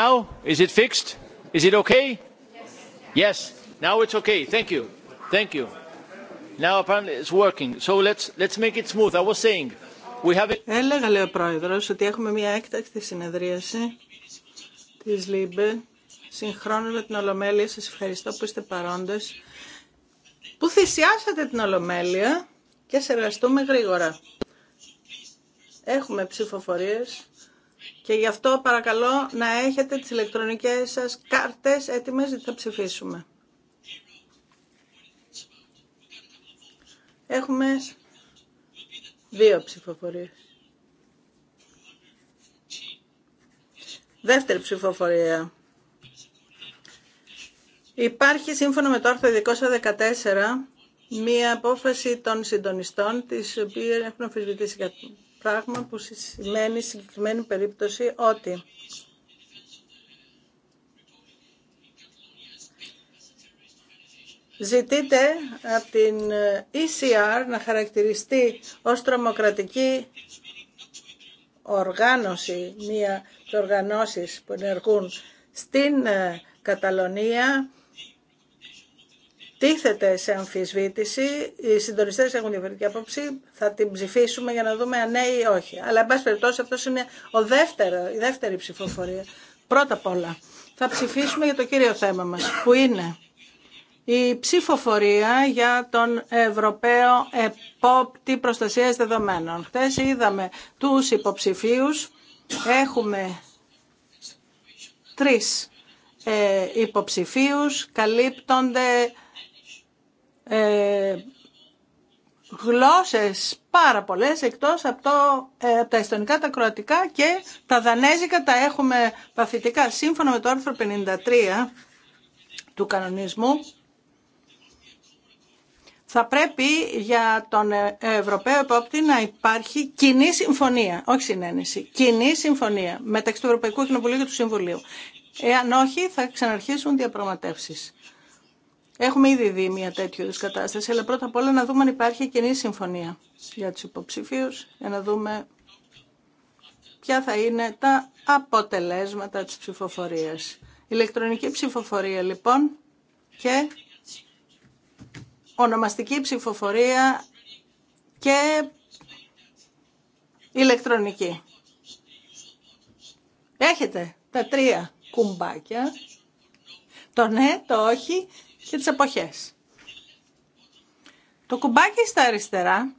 Now, is it fixed? Is it okay? Yes. Now it's okay. Thank you. Thank you. Now apparently it's working. So let's let's make it smooth. I was saying, we have. Έλεγα λέει ο πρόεδρος ότι έχουμε μια έκτακτη συνεδρίαση της ΛΥΜΠΕ συγχρόνως με την Ολομέλεια. Σας ευχαριστώ που είστε παρόντες, που θυσιάσατε την Ολομέλεια και σε εργαστούμε γρήγορα. Έχουμε ψηφοφορίες και γι' αυτό παρακαλώ να έχετε τις ηλεκτρονικές σας κάρτες έτοιμες γιατί θα ψηφίσουμε. Έχουμε δύο ψηφοφορίες. Δεύτερη ψηφοφορία. Υπάρχει σύμφωνα με το άρθρο 214 μία απόφαση των συντονιστών, τις οποίες έχουν αμφισβητήσει Πράγμα που σημαίνει συγκεκριμένη περίπτωση ότι Ζητείτε από την ECR να χαρακτηριστεί ως τρομοκρατική οργάνωση, μία οργανώσης που ενεργούν στην ε, Καταλωνία τίθεται σε αμφισβήτηση. Οι συντονιστέ έχουν διαφορετική άποψη. Θα την ψηφίσουμε για να δούμε αν ναι ή όχι. Αλλά, εν πάση περιπτώσει, αυτό είναι ο δεύτερο, η δεύτερη ψηφοφορία. Πρώτα απ' όλα, θα ψηφίσουμε για το κύριο θέμα μα, που είναι η ψηφοφορία για τον Ευρωπαίο Επόπτη Προστασία Δεδομένων. Χθε είδαμε του υποψηφίου. Έχουμε τρεις ε, υποψηφίους, καλύπτονται ε, γλώσσες πάρα πολλές εκτός ε, από, τα εστονικά, τα κροατικά και τα δανέζικα τα έχουμε παθητικά. Σύμφωνα με το άρθρο 53 του κανονισμού θα πρέπει για τον ε, Ευρωπαίο Επόπτη να υπάρχει κοινή συμφωνία, όχι συνένεση, κοινή συμφωνία μεταξύ του Ευρωπαϊκού Κοινοβουλίου και του Συμβουλίου. Εάν όχι, θα ξαναρχίσουν διαπραγματεύσεις. Έχουμε ήδη δει μια τέτοιου είδου κατάσταση, αλλά πρώτα απ' όλα να δούμε αν υπάρχει κοινή συμφωνία για του υποψηφίου για να δούμε ποια θα είναι τα αποτελέσματα της ψηφοφορίας. Ηλεκτρονική ψηφοφορία λοιπόν και ονομαστική ψηφοφορία και ηλεκτρονική. Έχετε τα τρία κουμπάκια, το ναι, το όχι και τις εποχές. Το κουμπάκι στα αριστερά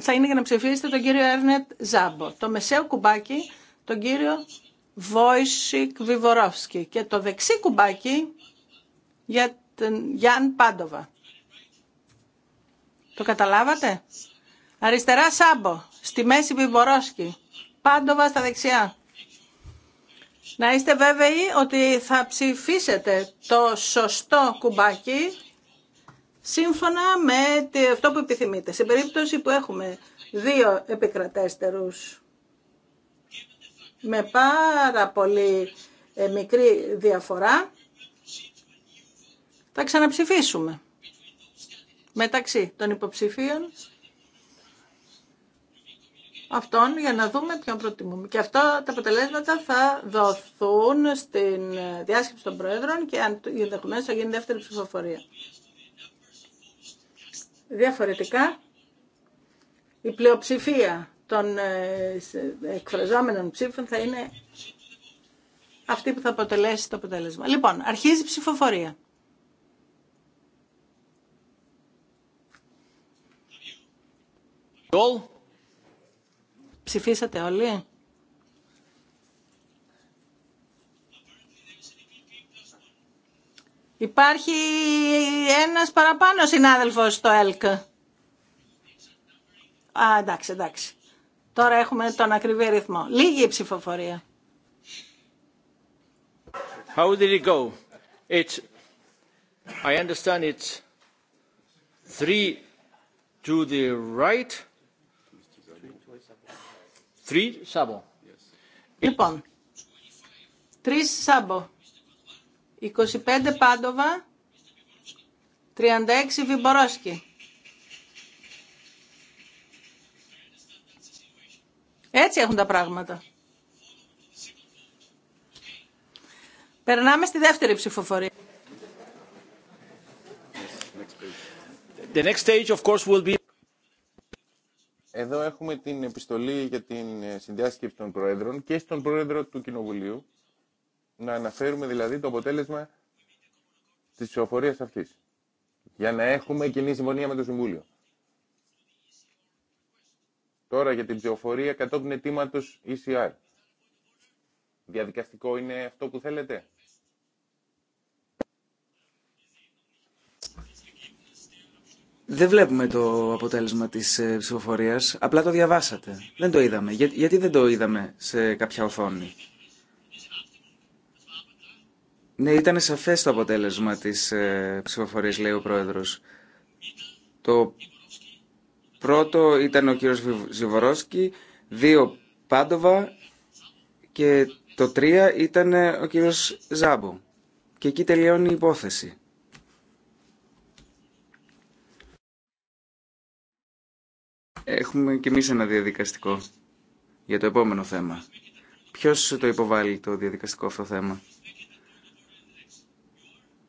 θα είναι για να ψηφίσετε τον κύριο Έρνετ Ζάμπο. Το μεσαίο κουμπάκι τον κύριο Βόισικ Βιβορόφσκι. Και το δεξί κουμπάκι για τον Γιάν Πάντοβα. Το καταλάβατε? Αριστερά Σάμπο, στη μέση Βιβορόφσκι. Πάντοβα στα δεξιά να είστε βέβαιοι ότι θα ψηφίσετε το σωστό κουμπάκι σύμφωνα με αυτό που επιθυμείτε. Σε περίπτωση που έχουμε δύο επικρατέστερους με πάρα πολύ ε, μικρή διαφορά, θα ξαναψηφίσουμε μεταξύ των υποψηφίων αυτών για να δούμε ποιον προτιμούμε. Και αυτά τα αποτελέσματα θα δοθούν στην διάσκεψη των Προέδρων και αν ενδεχομένω θα γίνει δεύτερη ψηφοφορία. Διαφορετικά, η πλειοψηφία των ε, εκφραζόμενων ψήφων θα είναι αυτή που θα αποτελέσει το αποτέλεσμα. Λοιπόν, αρχίζει η ψηφοφορία. Goal. Ψηφίσατε όλοι. Υπάρχει ένας παραπάνω συνάδελφος στο ΕΛΚ. Α, εντάξει, εντάξει. Τώρα έχουμε τον ακριβή ρυθμό. Λίγη η ψηφοφορία. How did it go? It's, I understand it's three to the right. Λοιπόν, 3 Σάμπο, 25 Πάντοβα, 36 Βιμπορόσκι. Έτσι έχουν τα πράγματα. Περνάμε στη δεύτερη ψηφοφορία. Εδώ έχουμε την επιστολή για την ε, συνδιάσκεψη των Προέδρων και στον Πρόεδρο του Κοινοβουλίου να αναφέρουμε δηλαδή το αποτέλεσμα της ψηφοφορία αυτής για να έχουμε κοινή συμφωνία με το Συμβούλιο. Τώρα για την ψηφοφορία κατόπιν ετήματος ECR. Διαδικαστικό είναι αυτό που θέλετε. Δεν βλέπουμε το αποτέλεσμα της ε, ψηφοφορίας, απλά το διαβάσατε. Δεν το είδαμε. γιατί δεν το είδαμε σε κάποια οθόνη. Ναι, ήταν σαφές το αποτέλεσμα της ψηφοφορία, ε, ψηφοφορίας, λέει ο Πρόεδρος. Το πρώτο ήταν ο κύριος Ζιβορόσκι, δύο Πάντοβα και το τρία ήταν ε, ο κύριος Ζάμπο. Και εκεί τελειώνει η υπόθεση. Έχουμε κι εμείς ένα διαδικαστικό για το επόμενο θέμα. Ποιος το υποβάλλει το διαδικαστικό αυτό θέμα.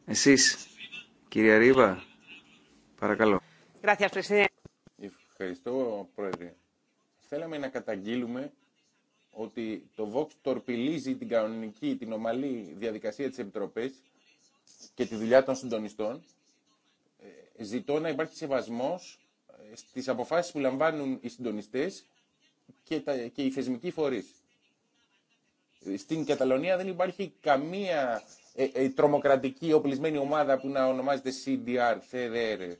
Εσείς, κυρία Ρίβα, παρακαλώ. Ευχαριστώ, Πρόεδρε. Θέλαμε να καταγγείλουμε ότι το Vox τορπιλίζει την κανονική, την ομαλή διαδικασία της Επιτροπής και τη δουλειά των συντονιστών. Ε, ζητώ να υπάρχει σεβασμός στις αποφάσεις που λαμβάνουν οι συντονιστές και, και οι θεσμικοί φορείς. Στην Καταλωνία δεν υπάρχει καμία ε, ε, τρομοκρατική οπλισμένη ομάδα που να ονομάζεται CDR, CDR.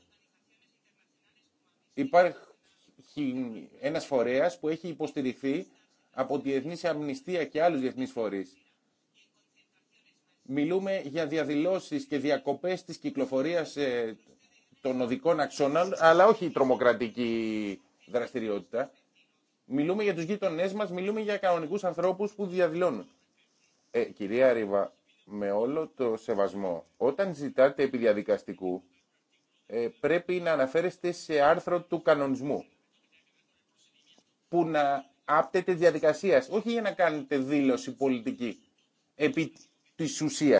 Υπάρχει ένας φορέας που έχει υποστηριχθεί από τη Διεθνή Αμνηστία και άλλους διεθνείς φορείς. Μιλούμε για διαδηλώσεις και διακοπές της κυκλοφορίας ε, των οδικών αξώνων, αλλά όχι η τρομοκρατική δραστηριότητα. Μιλούμε για τους γείτονέ μας, μιλούμε για κανονικούς ανθρώπους που διαδηλώνουν. Ε, κυρία Ρίβα, με όλο το σεβασμό, όταν ζητάτε επιδιαδικαστικού, ε, πρέπει να αναφέρεστε σε άρθρο του κανονισμού που να άπτεται διαδικασίας, όχι για να κάνετε δήλωση πολιτική επί της ουσία.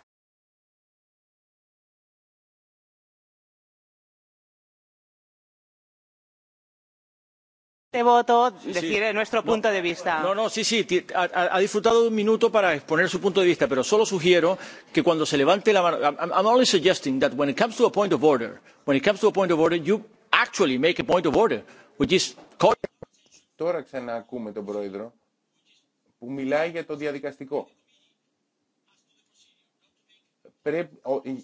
este voto decir sí, nuestro punto de vista. No, no, sí, sí, ha, ha disfrutado de un minuto para exponer su punto de vista, pero solo sugiero que cuando se levante la mano, I'm, I'm only suggesting that when it comes to a point of order, when it comes to a point of order, you actually make a point of order, which is called... Τώρα ξαναακούμε τον Πρόεδρο που μιλάει για το διαδικαστικό. Πρέπει,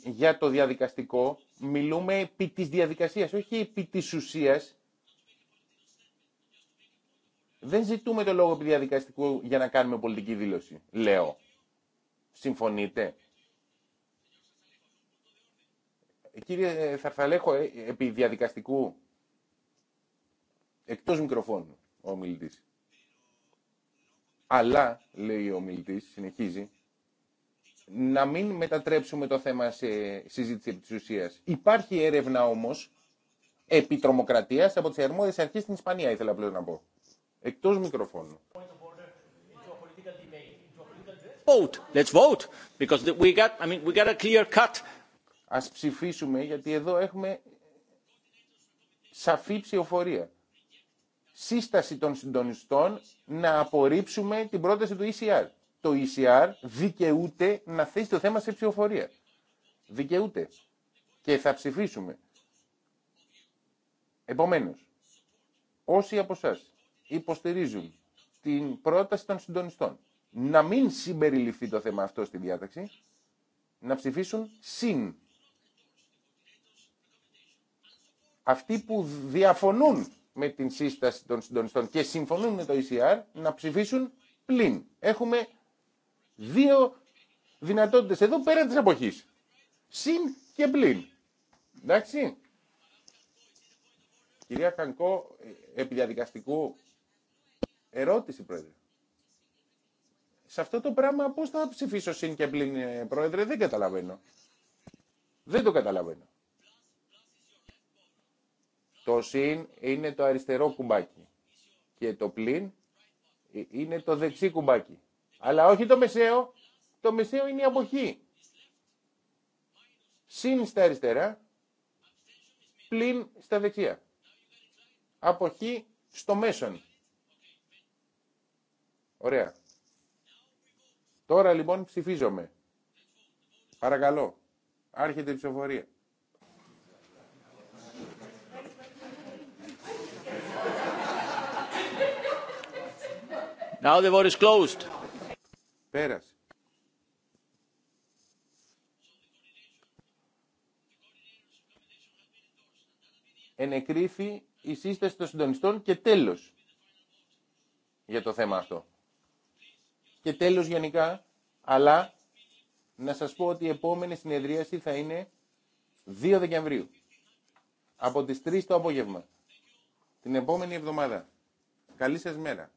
για το διαδικαστικό μιλούμε επί της διαδικασίας, όχι επί της ουσίας δεν ζητούμε το λόγο επί διαδικαστικού για να κάνουμε πολιτική δήλωση, λέω. Συμφωνείτε. Κύριε Θαρθαλέχο, ε, επί διαδικαστικού, εκτός μικροφώνου ο ομιλητής. Αλλά, λέει ο ομιλητής, συνεχίζει, να μην μετατρέψουμε το θέμα σε συζήτηση επί της ουσίας. Υπάρχει έρευνα όμως επί από τις αρμόδιες αρχές στην Ισπανία, ήθελα πλέον να πω. Εκτός μικροφώνου. Vote. Let's vote. Because we I mean, we a clear cut. Ας ψηφίσουμε γιατί εδώ έχουμε σαφή ψηφοφορία. Σύσταση των συντονιστών να απορρίψουμε την πρόταση του ECR. Το ECR δικαιούται να θέσει το θέμα σε ψηφοφορία. Δικαιούται. Και θα ψηφίσουμε. Επομένως, όσοι από εσάς υποστηρίζουν την πρόταση των συντονιστών να μην συμπεριληφθεί το θέμα αυτό στη διάταξη, να ψηφίσουν συν. Αυτοί που διαφωνούν με την σύσταση των συντονιστών και συμφωνούν με το ECR να ψηφίσουν πλην. Έχουμε δύο δυνατότητες εδώ πέρα της αποχής. Συν και πλην. Εντάξει. Κυρία Κανκό, ε, επιδιαδικαστικού Ερώτηση, Πρόεδρε. Σε αυτό το πράγμα πώς θα ψηφίσω συν και πλήν, ε, Πρόεδρε, δεν καταλαβαίνω. Δεν το καταλαβαίνω. Το συν είναι το αριστερό κουμπάκι και το πλήν ε, είναι το δεξί κουμπάκι. Αλλά όχι το μεσαίο, το μεσαίο είναι η αποχή. Συν στα αριστερά, πλην στα δεξιά. Αποχή στο μέσον. Ωραία. Τώρα λοιπόν ψηφίζομαι. Παρακαλώ. Άρχεται η ψηφοφορία. Now the vote is closed. Πέρασε. Ενεκρίθη η σύσταση των συντονιστών και τέλος για το θέμα αυτό. Και τέλος γενικά, αλλά να σας πω ότι η επόμενη συνεδρίαση θα είναι 2 Δεκεμβρίου. Από τις 3 το απόγευμα. Την επόμενη εβδομάδα. Καλή σας μέρα.